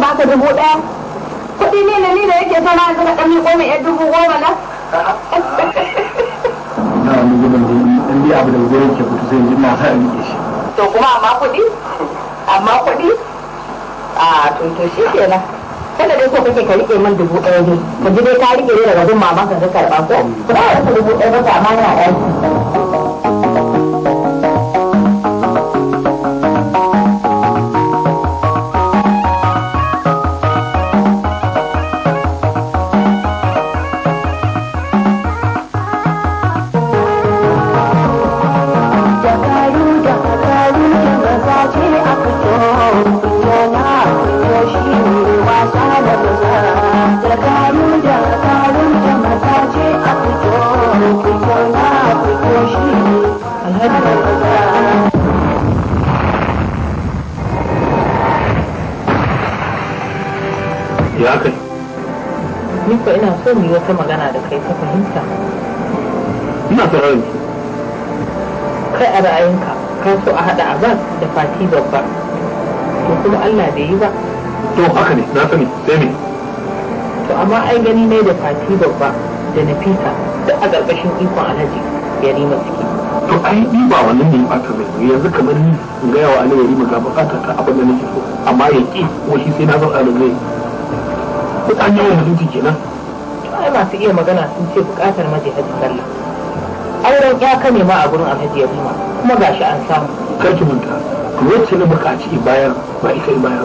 zan ka dubu ɗaya kuɗi ne na ni da yake sama yanzu ka ɗan miƙo mai yan dubu goma na na wani gudun da in biya abu da gurin yake kutu sai yi na sa in miƙe shi to kuma amma kuɗi amma kuɗi a tuntun shi ke nan. kada dai so kake ka riƙe min dubu ɗaya ne ka ji dai ka riƙe ne daga zuma mamanka ka zai karɓa ko Kuma ya rasa dubu ɗaya ba ta amma amana ɗaki ya kai ni ina so mu yi wata magana da kai ta fahimta ina sauraron ki kai a ra'ayinka kar so a haɗa abas da fati babba to kuma Allah bai yi ba to haka ne na sani sai me to amma ai gani ne da fati babba da nafisa da a ƙarƙashin ikon alhaji ya rima suke to ai ni ba wannan ne ba ta mai yanzu kamar ni in gaya wa alai ya rima ga bukata ta abin da nake so amma ya ki ko shi sai na zauna da zai kuɗan yawan mutunci kenan ai masu iya magana sun ce buƙatar maje hajji sallah auren ya kame ma a gurin alhaji ya rima kuma gashi an samu kar ki manta to wacce na bukaci bayan ba ita in bayar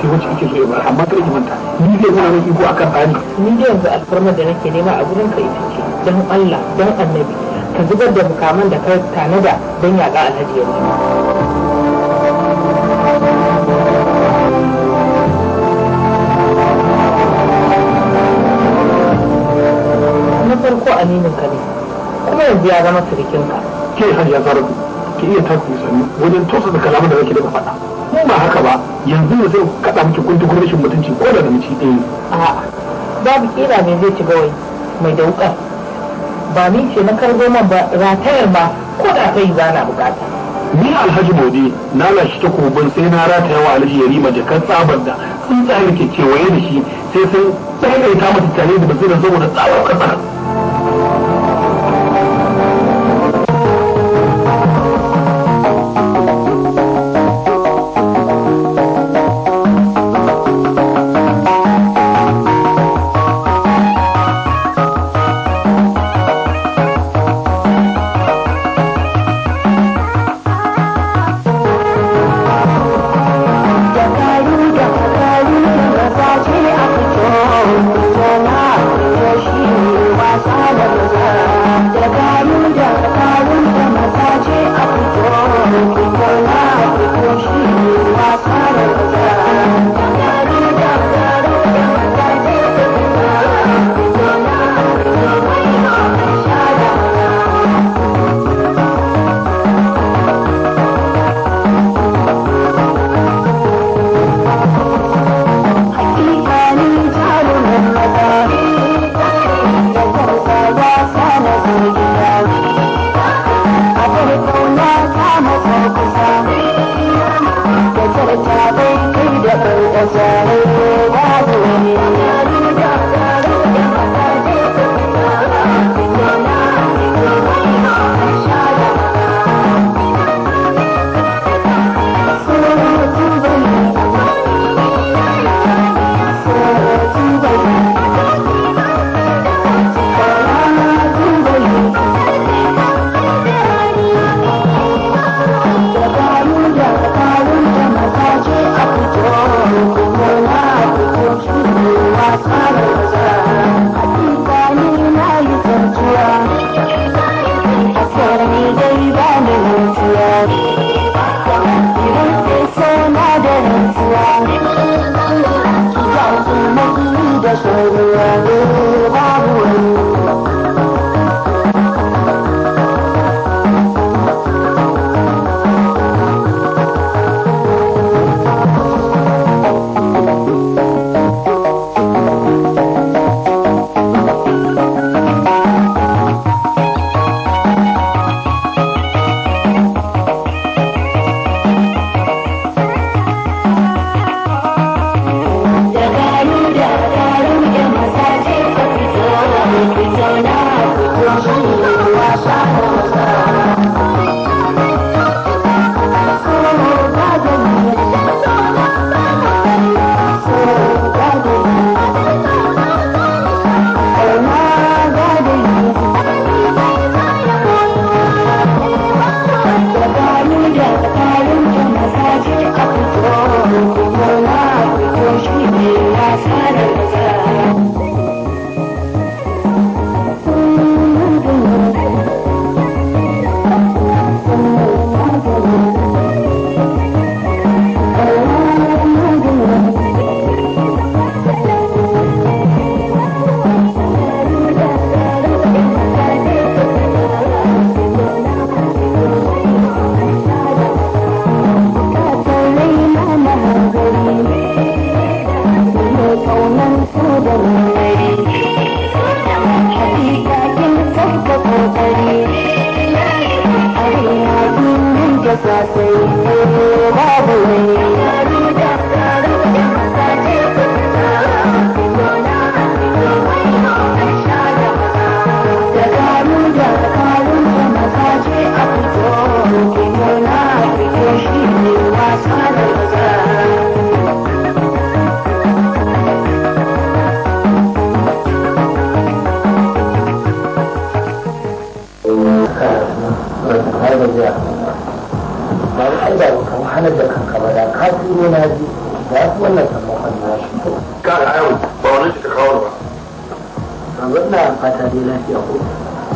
sai wacce kike so ba bayar amma kada ki manta ni zai nuna min iko akan tsari ni dai yanzu alfarma da nake nema a gurin ka ita ce don Allah dan annabi ka zubar da mukaman da ka tanada don yaƙa alhaji yanzu farko aminin ka ne kuma yanzu ya zama sirikin ka ke hajiya sarrafa ke iya taku sannu wajen tosa da kalaman da kake daga faɗa ko ba haka ba yanzu ne zai kaɗa miki kun duk rashin mutunci ko da miki ɗaya a'a babu kira ne zai ci gawai mai da ba ni ce na karbo man ba ratayar ma ko da kai za na bukata ni alhaji modi na ta takobin sai na rataya wa alhaji yarima jakar tsabar da tsuntsaye da ke kewaye da shi sai sai tsaye ta mata tare da da saboda tsawon kasar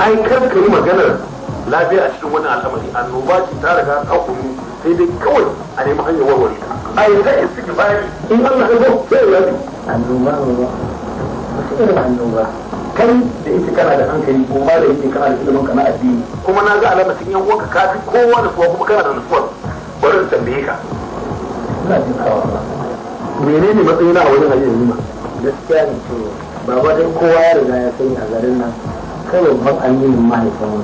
ai kar ka yi maganar lafiya a cikin wani al'amari annoba ce ta riga ta kunu sai dai kawai a nemi hanyar warware ta a yanzu in suke bayani in Allah ya zo sai ya bi annoba ba wasu irin annoba kai da ita kana da hankali ko ba da ita kana da ilimin kana addini kuma na ga alamar cikin yan uwanka ka fi kowa da kowa kuma kana da nutsuwar bari in tambaye ka ina jin kawa menene matsayina a wani hanyar ma? gaskiya ne to ba wajen kowa ya riga ya sani a garin nan kai babban aminin mahaifin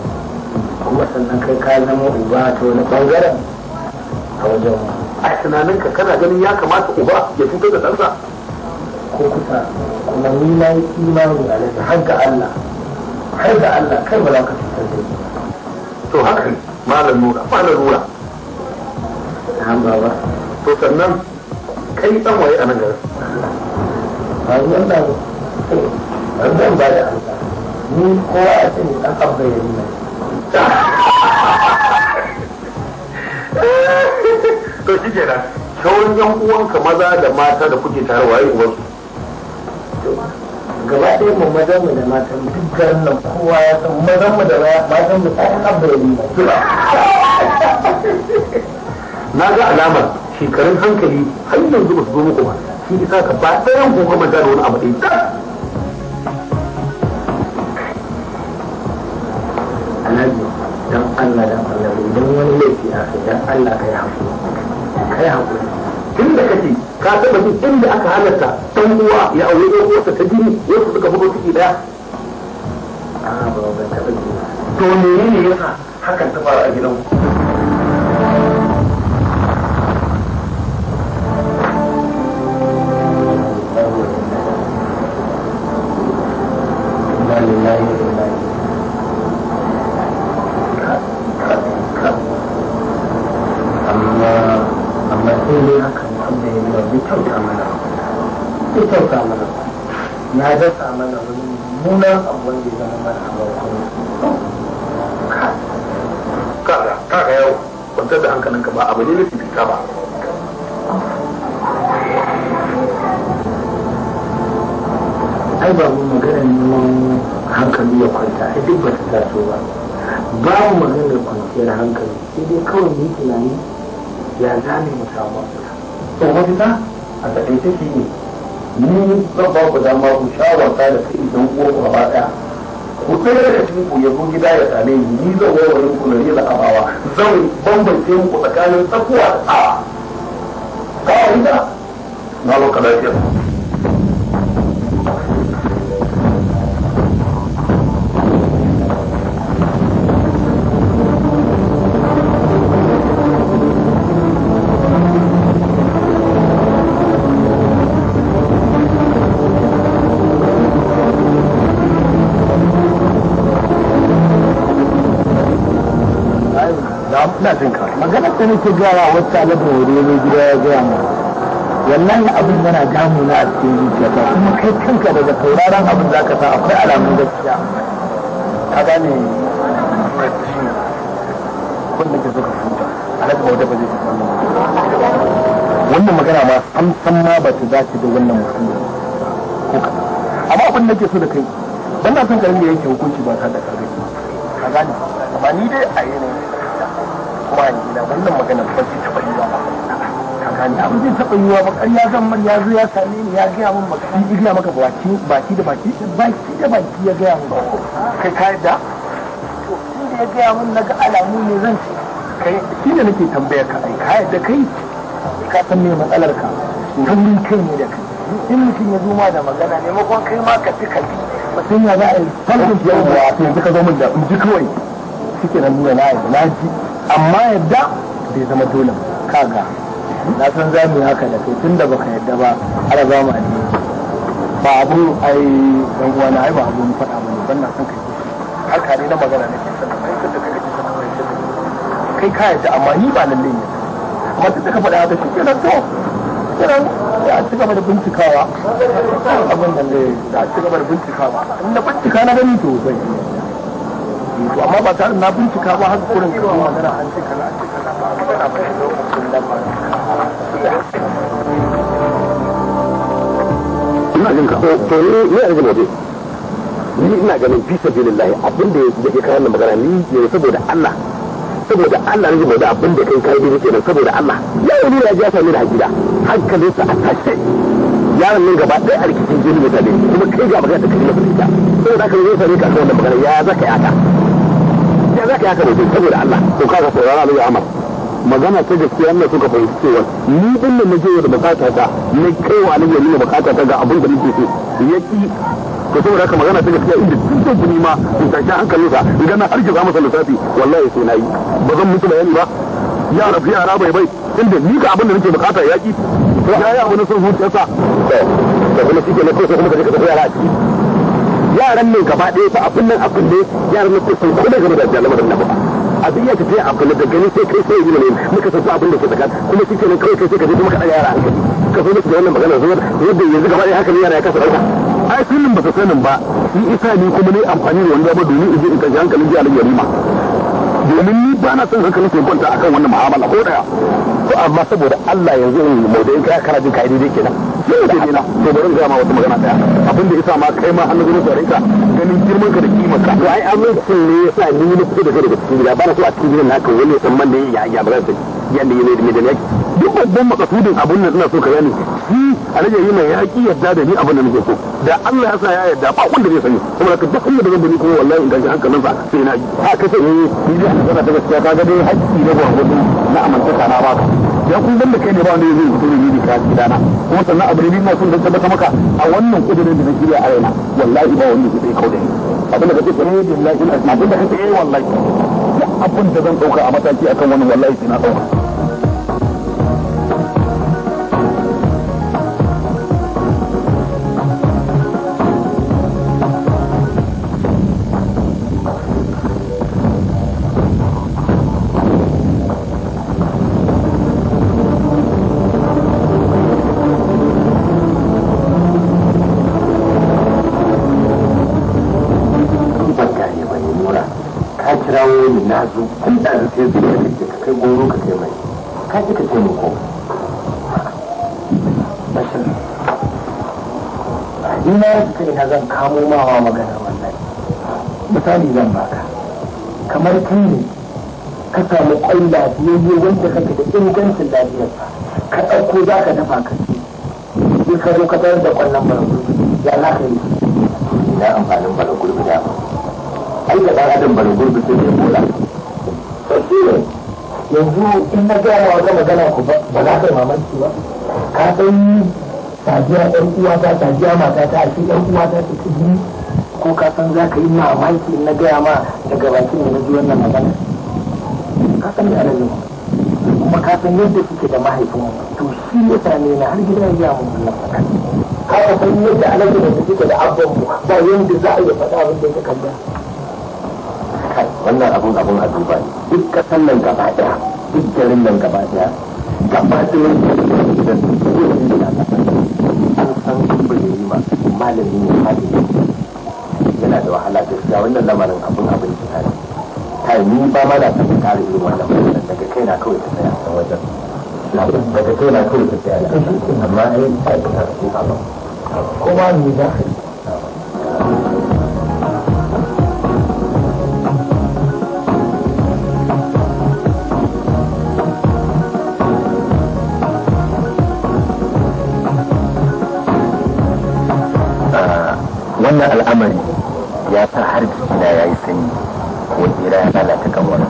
kuma sannan kai ka zama uba ta wani bangaren a wajen mu a ka kana ganin ya kamata uba ya fito da ɗansa ko kusa kuma ni na yi imani a lafi har ga Allah har ga Allah kai ba za ka fitar da yi. to haka malar nura malar nura na baba to sannan kai dan a nan garin ba wanda ba ba da Allah ni kowa ya sani dan da ya yi to shi ke nan shawon yan uwanka maza da mata da kuke tare yi wasu gaba ɗaya mu mazan mu da matan duk garin nan kowa ya san mazan mu da mata mu ɗan abba ya yi na ga alamar shekarun hankali har yanzu ba su zo muku ba shi isa ka ba ɗayan kuma maza da wani abu ɗaya alhaji dan Allah dan Allah idan wani laifi a kai dan Allah kai hakuri kai hakuri tun da kake ka taba jin inda aka halarta dan uwa ya aure ko wata ta jini wasu suka buga ciki daya a ba ba taba ji to ne yasa hakan ta fara a gidan ku babu maganar kwanciyar hankali sai dai kawai ne tunani ya zane mu samu mafita to mafita a takaice shi ne ni zan ba ku dama ku shawarta da kai idan uwa ku gaba ɗaya ku tsaye da cikin ku ya gida ya same ni ni zan wani ku na da abawa zan bambance muku tsakanin tsakuwa da tsawa ta wanda na lokacin lafiya da nake gara wata alaƙa wuri ne gida ya gaya mu wannan abin yana damu a cikin zuciyata kuma kai kanka daga tauraron abin za ka sa akwai alamun gaskiya ka gane wanda ke so ka alaƙa wata ba zai fi wannan magana ma san san ma ba ta dace da wannan mutum ko amma abin da ke so da kai ban na son ka rinka yanke hukunci ba ta da kare ka gane ba ni dai a yanayin kuma a gida wannan magana ba zai taɓa yiwa ba ka gane zai taɓa yiwa ba ƙarya zan mar ya zo ya same ni ya gaya min baka shi gaya maka baki baki da baki baki da baki ya gaya min kai ka yadda to tun da ya gaya min na ga alamu ne zan ce kai shi ne nake tambaya ka ai ka yadda kai ka san me matsalar ka taurin kai ne da kai in mutum ya zo ma da magana maimakon kai ma ka fi ka fi mutum ya za a yi falkin yawwa to yanzu ka zo min da in ji kawai shi ke nan nuna na yi na ji amma yadda bai zama dole kaga na san za mu yi haka da kai tun da baka yadda ba har za mu addini ba abu ai dan uwa na ai ba abu mu faɗa ba ne ban na san kai haka ne na magana ne kai san kai da kai kake sanin kai kai ka yadda amma ni ba lalle ne amma duk da ka faɗa haka shi na to kenan a ci gaba da bincikawa abin da ne a ci gaba da bincikawa in na bincika na gani to zai to amma ba tare na bincika ba haka kurin kawai magana an ce kaza an ce kaza ba magana ba lokacin da ina jin ka eh, to ni ne yanzu gode ni ina ganin fi sabilillahi abinda yake kawo wannan magana ni ne saboda Allah saboda Allah ne da abin da kai kai ne saboda Allah yau ni ya ji ya sami da hakida sa a tashi yaron nan gaba ɗaya a rikicin jini mutane kuma kai ga magana da kai na fita saboda haka ne zai sami ka wannan magana ya zaka yata za ka yaka da shi saboda Allah to ka saurara da Ahmad magana ta gaskiya ne suka fahimci cewa ni din da nake da bukata ta ne kai wa Aliyu ne bukata ta ga abin da nake so yaki to saboda haka magana ta gaskiya inda dukkan kuni ma in tashi hankalinsa idan na harki za masa lissafi wallahi sai yi ba zan mutu bayani ba ya rafi yara bai bai inda ni ga abin da nake bukata yaki to ya yi abu na son zuciyarsa to kuma shi ke na kusa kuma ka je ka tafi yara a yaran nan gaba ɗaya fa abin nan abin ne yaran nan sun kuma game da lamarin nan ba abin ya tafiya a kullum da gani sai kai sai yi ne muka san abin da ke tsakani kuma shi kenan kawai kai sai ka je kuma ka ɗaga yara hankali ka zo musu da wannan magana zuwa yadda yanzu gaba ɗaya haka ne yara ya kasa ɗauka ai kullum ba ka sanin ba ni isa ni kuma ne amfani da wani dama domin in je in tashi hankalin jiya da yarima domin ni ba na son hankalin sai kwanta akan wannan mu'amala ko daya Ko amma saboda Allah yanzu in mu da in kai kana jin kai kenan sai ke nina to bari ga ma wata magana daya abin da yasa ma kai ma hannu gurin tsarinka ganin girman ka da kimar ka to ai amincin ne yasa ni na fito daga cikin gida ba na so a cikin gidan naka wani ya san man da ya ya ba zai yadda yi mai da yaki duk babban makasudin abun nan ina so ka gani shi alaji yi mai yaki yadda da ni abun da nake so da Allah ya sa ya yadda ba wanda zai sani saboda ka duk inda zan bani kuma wallahi in gaji hankalin sa sai na yi ha ka eh ni da sana ta gaskiya ka ga dai haƙƙi da gwamnati na amantaka na ba ya kun banda kai ne ba wanda zai fito ne ni ka gidana kuma sannan abu ne ni ma sun da tabbata maka a wannan kudirin da nake a raina wallahi ba wanda zai kauda ni abin da kace eh billahi abin da kace eh wallahi abin da zan dauka a mataki akan wannan wallahi sai na dauka na zo kun da zuke zuwa da ka kai goro ka kai mai ka ji ka taimako bashir ina ka ina zan kamo mawa magana wannan misali zan baka kamar kai ne ka samu kwai lafiyayye wanda kake da ingancin lafiyarsa ka ɗauko za ka dafa ka ci sai ka zo ka tayar da kwallon balagurbi ya laka ka yi na amfanin balagurbi da ba ai da ɗan adam bane gurbin sai ya mula ne. yanzu in na gaya wa wata magana ku ba za ka yi mamaki ba ka san tajiya ɗan uwa ta tajiya mata ta ake ɗan uwa ta ta ci ko ka san za ka yi mamaki in na gaya ma daga bakin da na ji wannan magana ka san da alaji kuma ka san yadda suke da mahaifin to shi ya same na har gida ya gaya mun wannan magana ka san yadda alaji da suke da abban ba yadda za a yi faɗa abin da ya kalla kai wannan abun abun a duba ne duk kasan nan gaba daya duk garin nan gaba daya gaba daya da duk da an san ba da yi ma malami ne malami yana da wahala gaskiya wannan lamarin abun abun ki tare kai ni ba ma na san kare irin wannan matsalar daga kai na kawai ta tsaya a wajen daga kai na kawai ta tsaya amma ai ba ka ba kuma ni za ka wannan al'amari ya sa har jikina ya yi sanyi ko tsira ya lalata kamar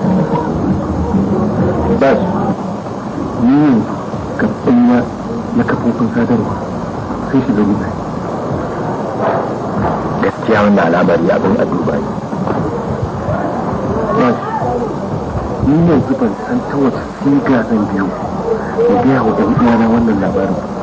ba su yin kafin na kafofin sadarwa sai shiga wuta gaskiya wannan al'amari abin a duba ne ba su ni yanzu ban san ta wata siga zan biyu da gaya wa ɗan uwana wannan labarin